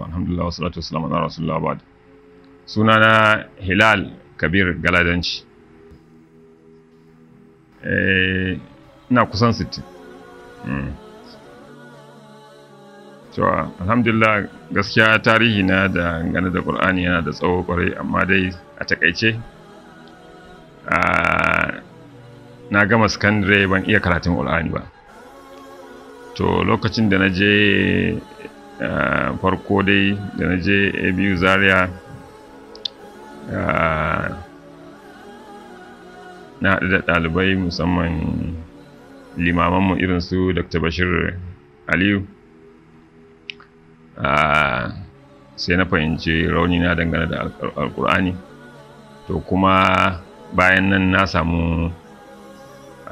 alhamdulillah wasu salatu wasu lamun rasulullah Suna na hilal kabir galadanci eh, ina kusan 60 cewa hmm. alhamdulillah gaskiya tarihi na da gane da qur'ani yana da tsawo kwarai amma dai a takaice na gama secondary ban iya karatun qur'ani ba to lokacin da na je Eh, farko dai da na je abu zaria eh, na haɗu da ɗalibai musamman limamanmu irin su dr bashir aliyu eh, sai na fahimci rauni na dangane da alkur'ani to kuma bayan nan na samu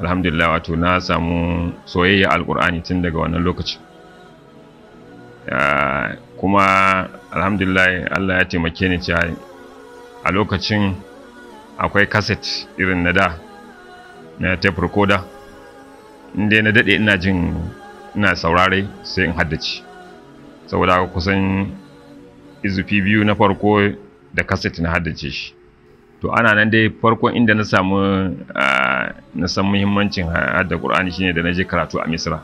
alhamdulillah wato na samu soyayya alkur'ani tun daga wannan lokacin Ah, kuma alhamdulillah Allah ya taimake ni cewa a lokacin akwai kaset irin na da na tape recorder inda na daɗe ina jin ina saurare sai in haddace saboda kusan izufi biyu na farko da kaset na haddace shi to ana nan dai farkon inda na samu ah, na san muhimmancin hadda ƙur'ani shine da na je karatu a misra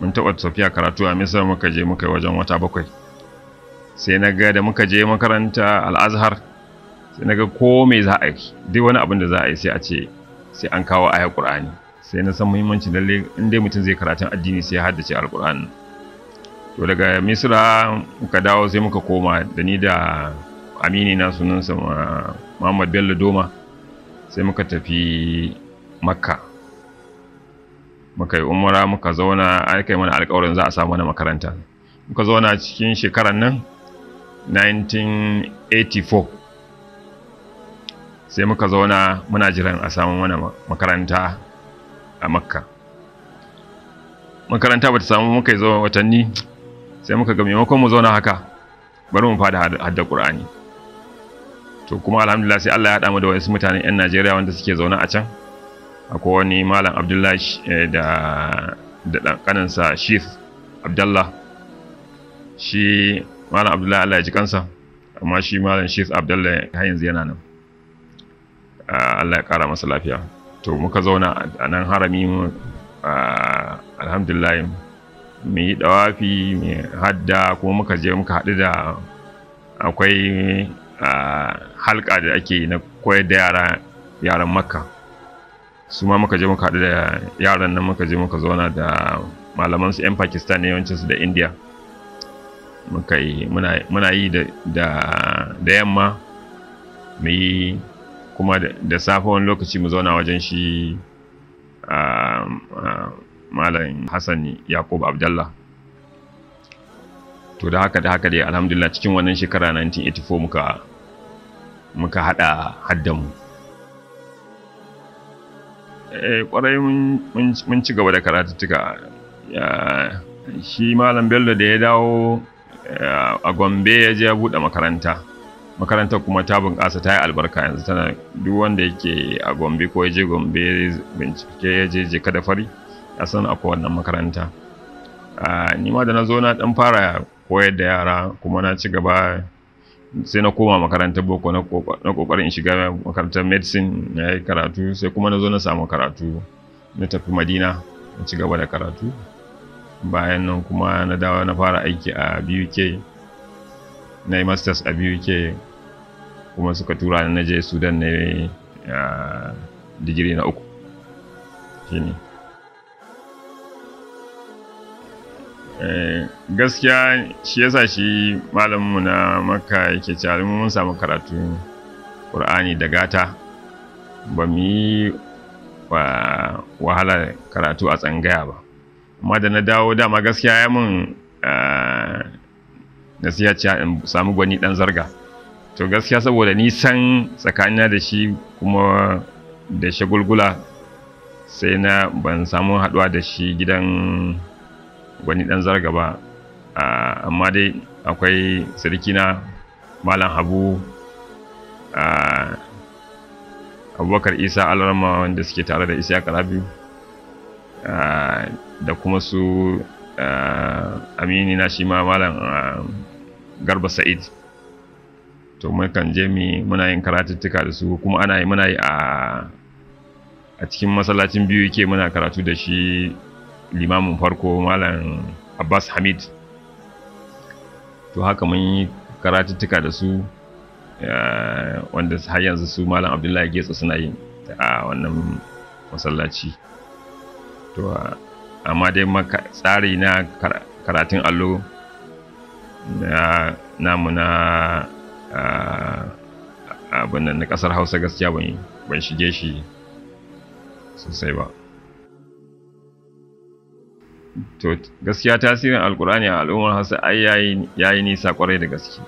mun taɓa tafiya karatu a misar muka je muka yi wajen wata bakwai sai na ga da muka je makaranta al'azhar sai na ga ko me za a yi duk wani abin da za a yi sai a ce sai an kawo ayar qur'ani sai na san muhimmanci lalle in dai mutum zai karatun addini sai ya haddace alqur'ani to daga misra muka dawo sai muka koma da ni da amini na sunansa muhammad bello doma sai muka tafi makka muka yi umura muka zauna a yi mana alƙawarin za a samu wani makaranta muka zauna cikin shekarar nan 1984 sai muka zauna muna jiran a samu wani makaranta a makka makaranta ba ta samu muka yi zauna watanni sai muka gami maimakon mu zauna haka bari mu fada hadda ƙur'ani to kuma alhamdulillah sai Allah ya haɗa mu da wasu mutanen 'yan Najeriya wanda suke zaune a can akwai wani malam abdullahi eh, da da kaninsa shif abdallah shi malam abdullahi allah ya ji kansa amma shi malam shif abdallah har yanzu yana nan ah, allah ya kara masa lafiya to muka zauna a nan harami ah, alhamdulillah mu yi dawafi mu hadda kuma muka je muka haɗu da akwai ah, halka da ake na koyar da yara yaran makka su ma muka je muka haɗu da yaran nan muka je muka zauna da malaman su 'yan pakistan ne yawancin su da india muka yi muna yi da yamma mu yi kuma da safe wani lokaci mu zauna wajen shi malam hassan yakub abdallah to da haka da haka dai alhamdulillah cikin wannan shekara 1984 muka haɗa haddamu Eh, kwarai mun ci gaba da karatuttuka shi malam bello da ya dawo eh, a gombe ya je ya buɗe makaranta makarantar kuma ta bunƙasa ta yi albarka yanzu tana duk wanda yake a gombe ko ya je gombe bincike ya je je kada fari ya san akwai wannan makaranta ah, ni ma da na zo na ɗan fara koyar da yara kuma na ci gaba sai na koma makarantar boko na kokarin shiga makarantar medicine na yi karatu sai kuma na zo na samu karatu na tafi madina na ci gaba da karatu bayan nan kuma na dawo na fara aiki a buk na yi masters a buk kuma suka tura na je sudan na ah, digiri na uku shine Eh, gaskiya shi yasa shi malaminmu na makka yake cewa mun samu karatu qur'ani da gata ba mu yi wahala karatu a tsangaya ba amma da na dawo dama gaskiya ya mun eh, nasiya in samu gwani dan zarga to gaskiya saboda nisan tsakanina da shi kuma da shagulgula sai na ban samu haɗuwa da shi gidan wani dan ba, amma dai akwai sarkina malam habu abubakar isa alarma wanda suke tare da isa karabi da kuma su amini na shi ma malam garba sa'id to kan je mi muna yin karatuttuka da su kuma ana yi muna yi a cikin masallacin biyu ke muna karatu da shi limamin farko malam abbas hamid to haka mun yi karatuttuka da su eh, wanda har yanzu su malam abdullahi getsa suna yin a wannan masallaci to amma dai tsari na karatun allo na muna na eh, na kasar hausa gaskiya ban shige shi sosai ba to gaskiya tasirin alkur'ani a al'ummar hausa ai yayi nisa kwarai da gaske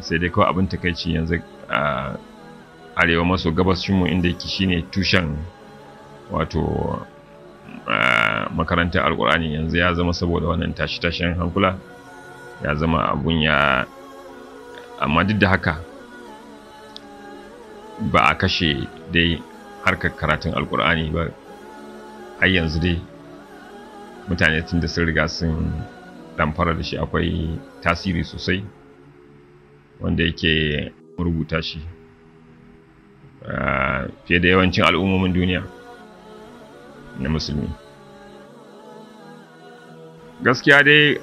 sai dai kawai abin takaici yanzu a arewa maso gabashin mu inda yake shine tushen wato makarantar alkur'ani yanzu ya zama saboda wannan tashi-tashin hankula ya zama abun ya amma duk da haka ba a kashe dai harkar karatun alkur'ani ba har yanzu dai mutane tun da sun riga sun damfara da shi akwai tasiri sosai wanda yake rubuta shi ah, fiye da yawancin al'ummomin duniya na musulmi gaskiya dai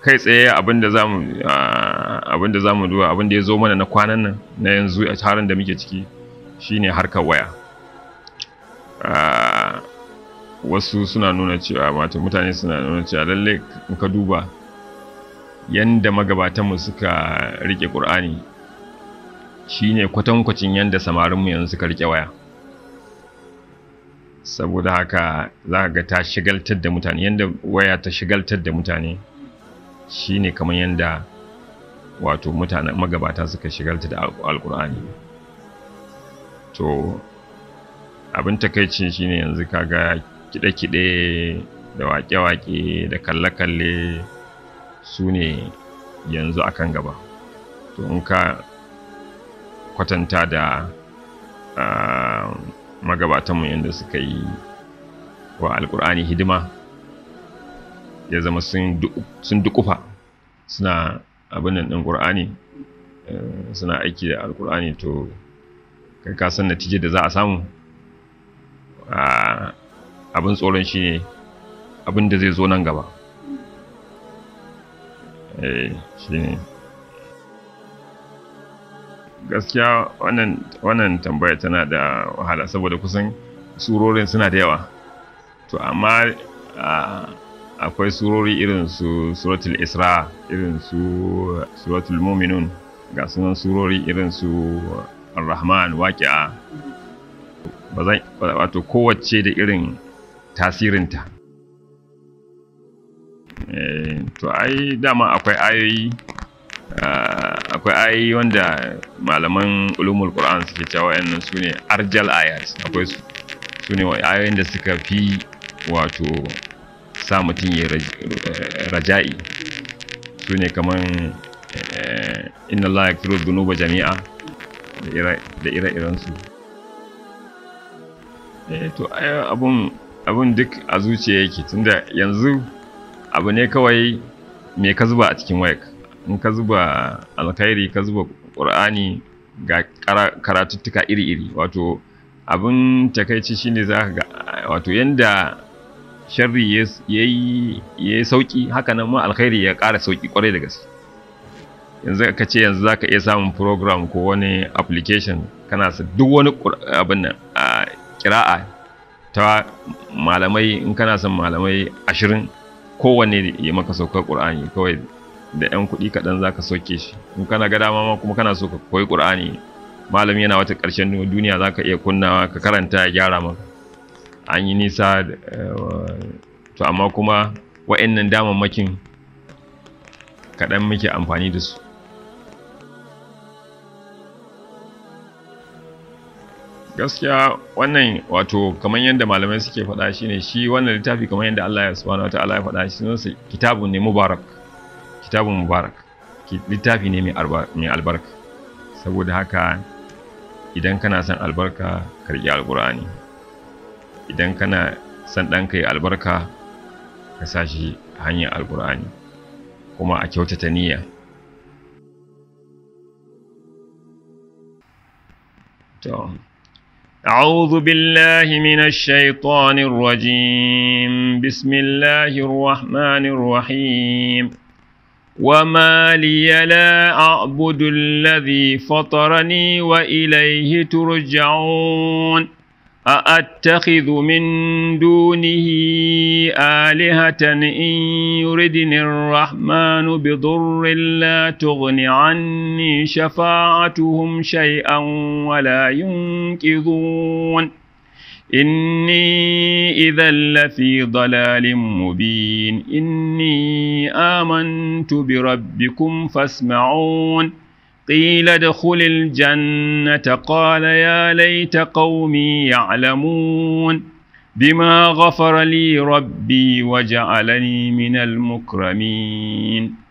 kai tsaye abinda za mu ah, abinda abinda ya zo mana na kwanan nan na yanzu a taron da muke ciki shine harkar waya ah, wasu suna nuna cewa wato mutane suna nuna cewa lalle in ka duba yanda magabatanmu suka rike ƙur'ani shine kwatankwacin yanda samarinmu yanzu suka rike waya saboda haka za ka ga ta shigaltar da mutane yanda waya ta shigaltar da mutane shine kamar yanda wato mutane magabata suka shigaltar da alƙur'ani to abin takaici shine yanzu kaga kiɗe-kiɗe da waƙe-waƙe da kalle-kalle su ne yanzu akan gaba to in ka kwatanta da magabatanmu yadda suka yi wa alkur'ani hidima ya zama sun dukufa suna abin ɗin ƙur'ani eh, suna aiki da alkur'ani to kai ka san natijar da za a samu abin tsoron shi ne abin da zai zo nan gaba eh, gaskiya wannan tambaya tana da wahala saboda kusan surorin suna da yawa to amma akwai surori irin su suratul isra irin su suratul muminun ga sunan surori irin su rahman waqi'a ba zan wato kowace da irin tasirinta eh, to ai dama akwai ayoyi ah, akwai ayoyi wanda malaman ulumul qur'an suke cewa wayannan su ne arjal ayat akwai su ne ayoyin da suka fi wato sa mutum ya eh, raja'i su ne kamar eh, inna Allah ya kiro zunuba jami'a da ire-irensu to abun abin duk a zuciya yake tunda yanzu abu ne kawai me ka zuba a cikin wayar in ka zuba alkhairi ka zuba ƙur'ani ga karatuttuka iri-iri wato abin takaici shine za ga wato yadda sharri ya yi sauƙi haka nan ma alkhairi ya ƙara sauƙi kwarai da gaske yanzu ka ce yanzu za ka iya samun program ko wani application kana sa duk wani abin nan a kira'a Ta malamai in kana son malamai ashirin kowanne ya maka saukar ƙur'ani kawai da 'yan kuɗi kaɗan za ka sauke shi in kana ga dama ma kuma kana so ka koyi ƙur'ani malami yana wata ƙarshen duniya za ka iya kunnawa ka karanta ya gyara maka an yi nisa eh, to amma kuma wa'annan damammakin kaɗan muke amfani da su gaskiya wannan wato kamar yadda malamai suke faɗa shine shi wannan littafi kamar yadda Allah ya subhanahu ta'ala ya faɗa shi sunansa kitabun ne mubarak kitabun mubarak littafi ne mai albarka saboda haka idan kana son albarka karki alkur'ani idan kana son ka yi albarka ka sa shi hanyar alkur'ani kuma a kyautata niyya to أعوذ بالله من الشيطان الرجيم بسم الله الرحمن الرحيم وما لي لا أعبد الذي فطرني وإليه ترجعون أأتخذ من دونه آلهة إن يردني الرحمن بضر لا تغن عني شفاعتهم شيئا ولا ينقذون إني إذا لفي ضلال مبين إني آمنت بربكم فاسمعون قيل ادخل الجنة قال يا ليت قومي يعلمون بما غفر لي ربي وجعلني من المكرمين